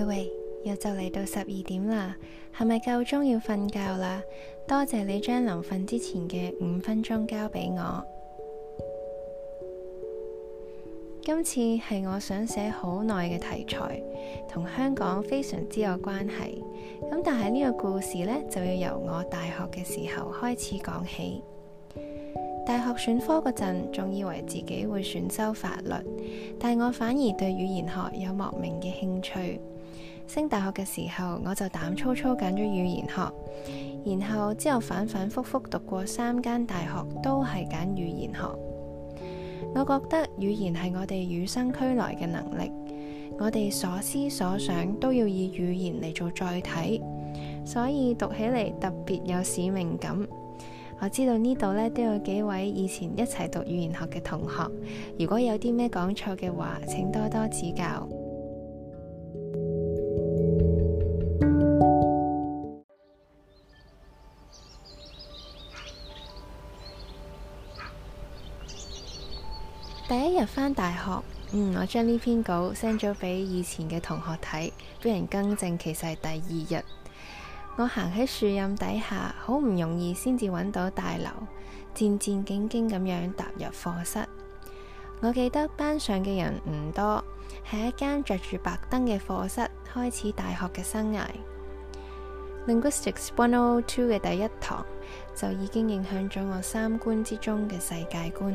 喂喂，又就嚟到十二點啦，係咪夠鐘要瞓覺啦？多謝你將臨瞓之前嘅五分鐘交俾我。今次係我想寫好耐嘅題材，同香港非常之有關係。咁但係呢個故事呢，就要由我大學嘅時候開始講起。大學選科嗰陣，仲以為自己會選修法律，但我反而對語言學有莫名嘅興趣。升大學嘅時候，我就膽粗粗揀咗語言學，然後之後反反復復讀過三間大學，都係揀語言學。我覺得語言係我哋與生俱來嘅能力，我哋所思所想都要以語言嚟做載體，所以讀起嚟特別有使命感。我知道呢度呢都有幾位以前一齊讀語言學嘅同學，如果有啲咩講錯嘅話，請多多指教。返大學，嗯，我將呢篇稿 send 咗俾以前嘅同學睇，俾人更正，其實係第二日。我行喺樹蔭底下，好唔容易先至揾到大樓，戰戰兢兢咁樣踏入課室。我記得班上嘅人唔多，係一間着住白燈嘅課室，開始大學嘅生涯。Linguistics one o two 嘅第一堂就已經影響咗我三觀之中嘅世界觀。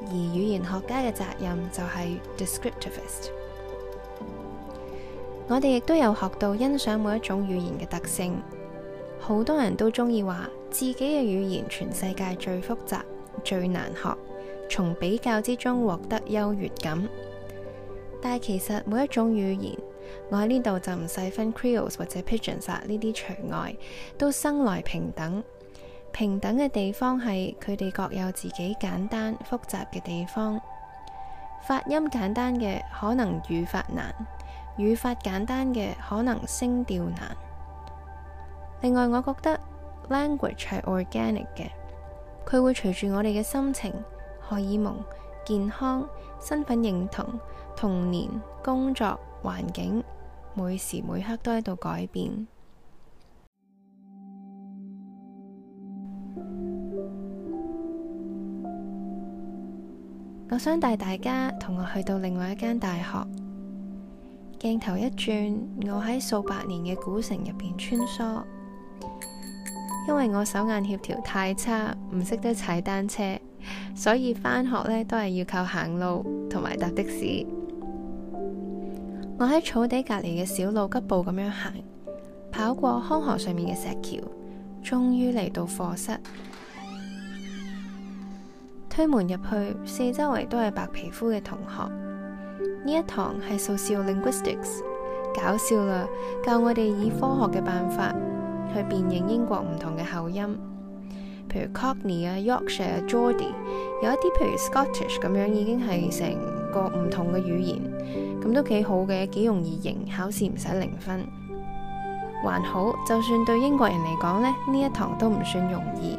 而語言學家嘅責任就係 descriptivist。我哋亦都有學到欣賞每一種語言嘅特性。好多人都中意話自己嘅語言全世界最複雜、最難學，從比較之中獲得優越感。但係其實每一種語言，我喺呢度就唔使分 creoles 或者 pidgin、啊、喇呢啲除外，都生來平等。平等嘅地方係佢哋各有自己簡單複雜嘅地方，發音簡單嘅可能語法難，語法簡單嘅可能聲調難。另外，我覺得 language 係 organic 嘅，佢會隨住我哋嘅心情、荷爾蒙、健康、身份認同、童年、工作環境，每時每刻都喺度改變。我想帶大家同我去到另外一間大學。鏡頭一轉，我喺數百年嘅古城入邊穿梭。因為我手眼協調太差，唔識得踩單車，所以返學呢都係要靠行路同埋搭的士。我喺草地隔籬嘅小路急步咁樣行，跑過康河上面嘅石橋，終於嚟到課室。推門入去，四周圍都係白皮膚嘅同學。呢一堂係 Sociolinguistics，搞笑啦，教我哋以科學嘅辦法去辨認英國唔同嘅口音，譬如 Cockney、Yorkshire、Geordie 有一啲譬如 Scottish 咁樣已經係成個唔同嘅語言，咁都幾好嘅，幾容易認，考試唔使零分，還好，就算對英國人嚟講咧，呢一堂都唔算容易。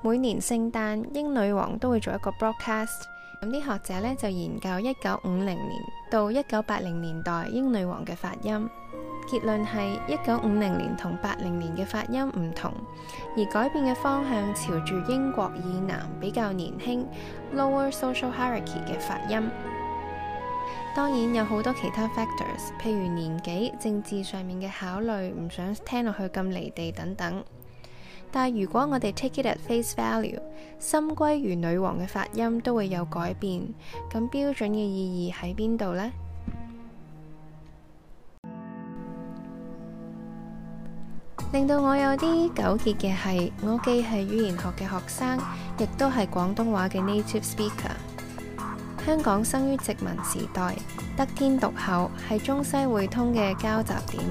每年聖誕，英女王都會做一個 broadcast。咁啲學者呢，就研究一九五零年到一九八零年代英女王嘅發音，結論係一九五零年同八零年嘅發音唔同，而改變嘅方向朝住英國以南比較年輕 lower social hierarchy 嘅發音。當然有好多其他 factors，譬如年紀、政治上面嘅考慮，唔想聽落去咁離地等等。但如果我哋 take it at face value，心歸如女王嘅發音都會有改變。咁標準嘅意義喺邊度呢？令到我有啲糾結嘅係，我既係語言學嘅學生，亦都係廣東話嘅 native speaker。香港生於殖民時代，得天獨厚，係中西會通嘅交集點。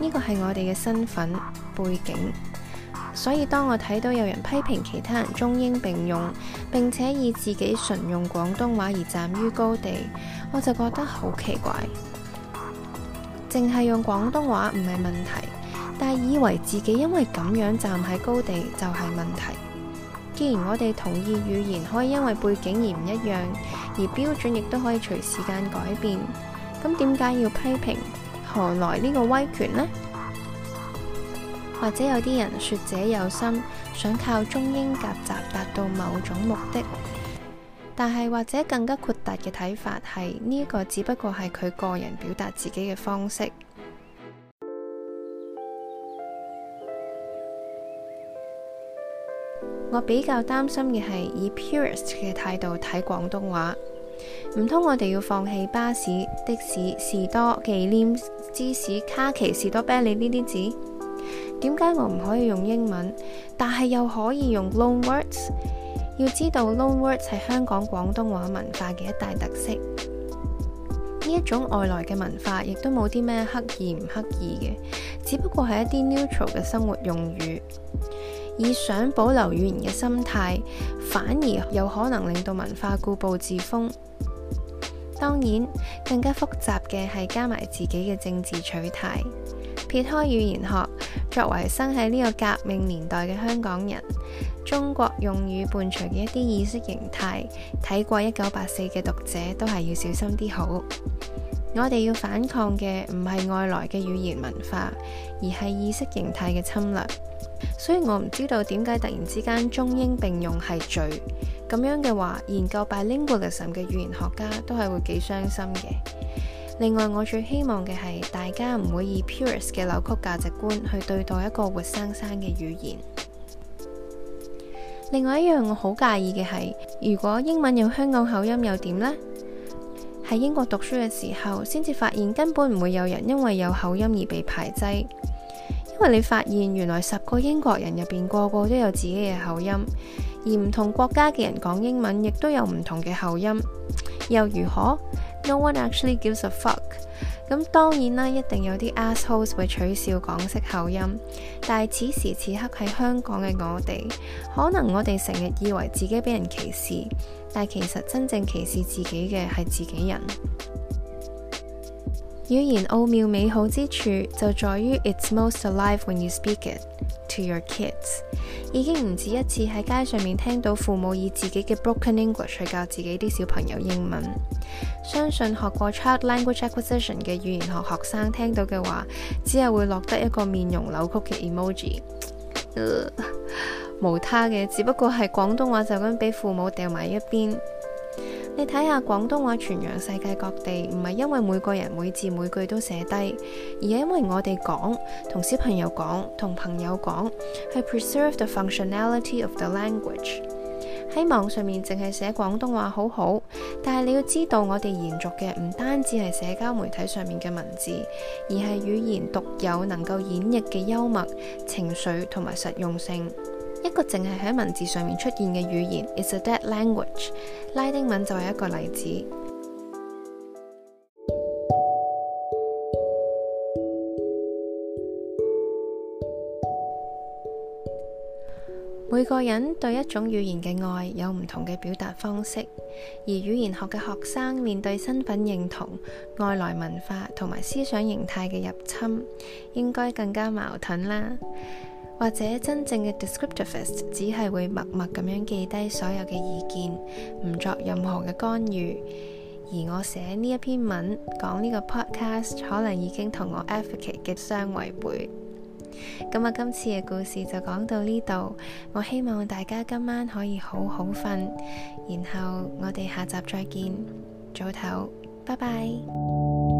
呢個係我哋嘅身份背景。所以，當我睇到有人批評其他人中英並用，並且以自己純用廣東話而站於高地，我就覺得好奇怪。淨係用廣東話唔係問題，但係以為自己因為咁樣站喺高地就係問題。既然我哋同意語言可以因為背景而唔一樣，而標準亦都可以隨時間改變，咁點解要批評？何來呢個威權呢？或者有啲人説者有心，想靠中英夾雜達到某種目的，但係或者更加豁達嘅睇法係呢個，只不過係佢個人表達自己嘅方式。 我比較擔心嘅係以 purist 嘅態度睇廣東話，唔通我哋要放棄巴士、的士、士多、忌廉、芝士、卡奇、士多啤梨呢啲字？點解我唔可以用英文，但係又可以用 loan words？要知道 loan words 係香港廣東話文化嘅一大特色。呢一種外來嘅文化，亦都冇啲咩刻意唔刻意嘅，只不過係一啲 neutral 嘅生活用語。以想保留語言嘅心態，反而有可能令到文化固步自封。當然，更加複雜嘅係加埋自己嘅政治取態。撇開語言學。作為生喺呢個革命年代嘅香港人，中國用語伴隨嘅一啲意識形態，睇過一九八四嘅讀者都係要小心啲好。我哋要反抗嘅唔係外來嘅語言文化，而係意識形態嘅侵略。所以我唔知道點解突然之間中英並用係罪。咁樣嘅話，研究 bilingualism 嘅語言學家都係會幾傷心嘅。另外，我最希望嘅係大家唔會以 purist 嘅扭曲價值觀去對待一個活生生嘅語言。另外一樣我好介意嘅係，如果英文有香港口音又點呢？喺英國讀書嘅時候，先至發現根本唔會有人因為有口音而被排擠，因為你發現原來十個英國人入面個個都有自己嘅口音，而唔同國家嘅人講英文亦都有唔同嘅口音，又如何？No one actually gives a fuck。咁當然啦，一定有啲 assholes 會取笑港式口音，但係此時此刻喺香港嘅我哋，可能我哋成日以為自己俾人歧視，但係其實真正歧視自己嘅係自己人。語言奧妙美好之處就在於，it's most alive when you speak it to your kids。已經唔止一次喺街上面聽到父母以自己嘅 broken English 去教自己啲小朋友英文。相信學過 child language acquisition 嘅語言學學生聽到嘅話，只係會落得一個面容扭曲嘅 emoji。呃，無他嘅，只不過係廣東話就咁俾父母掉埋一邊。你睇下廣東話傳揚世界各地，唔係因為每個人每字每句都寫低，而係因為我哋講，同小朋友講，同朋友講，係 preserve the functionality of the language。喺網上面淨係寫廣東話好好，但係你要知道我哋延續嘅唔單止係社交媒體上面嘅文字，而係語言獨有能夠演繹嘅幽默、情緒同埋實用性。一個淨係喺文字上面出現嘅語言，is a dead language。拉丁文就係一個例子。每個人對一種語言嘅愛有唔同嘅表達方式，而語言學嘅學生面對身份認同、外來文化同埋思想形態嘅入侵，應該更加矛盾啦。或者真正嘅 descriptivist 只係會默默咁樣記低所有嘅意見，唔作任何嘅干預。而我寫呢一篇文，講呢個 podcast，可能已經同我 advocate 嘅相違背。咁啊，今次嘅故事就講到呢度。我希望大家今晚可以好好瞓，然後我哋下集再見。早唞，拜拜。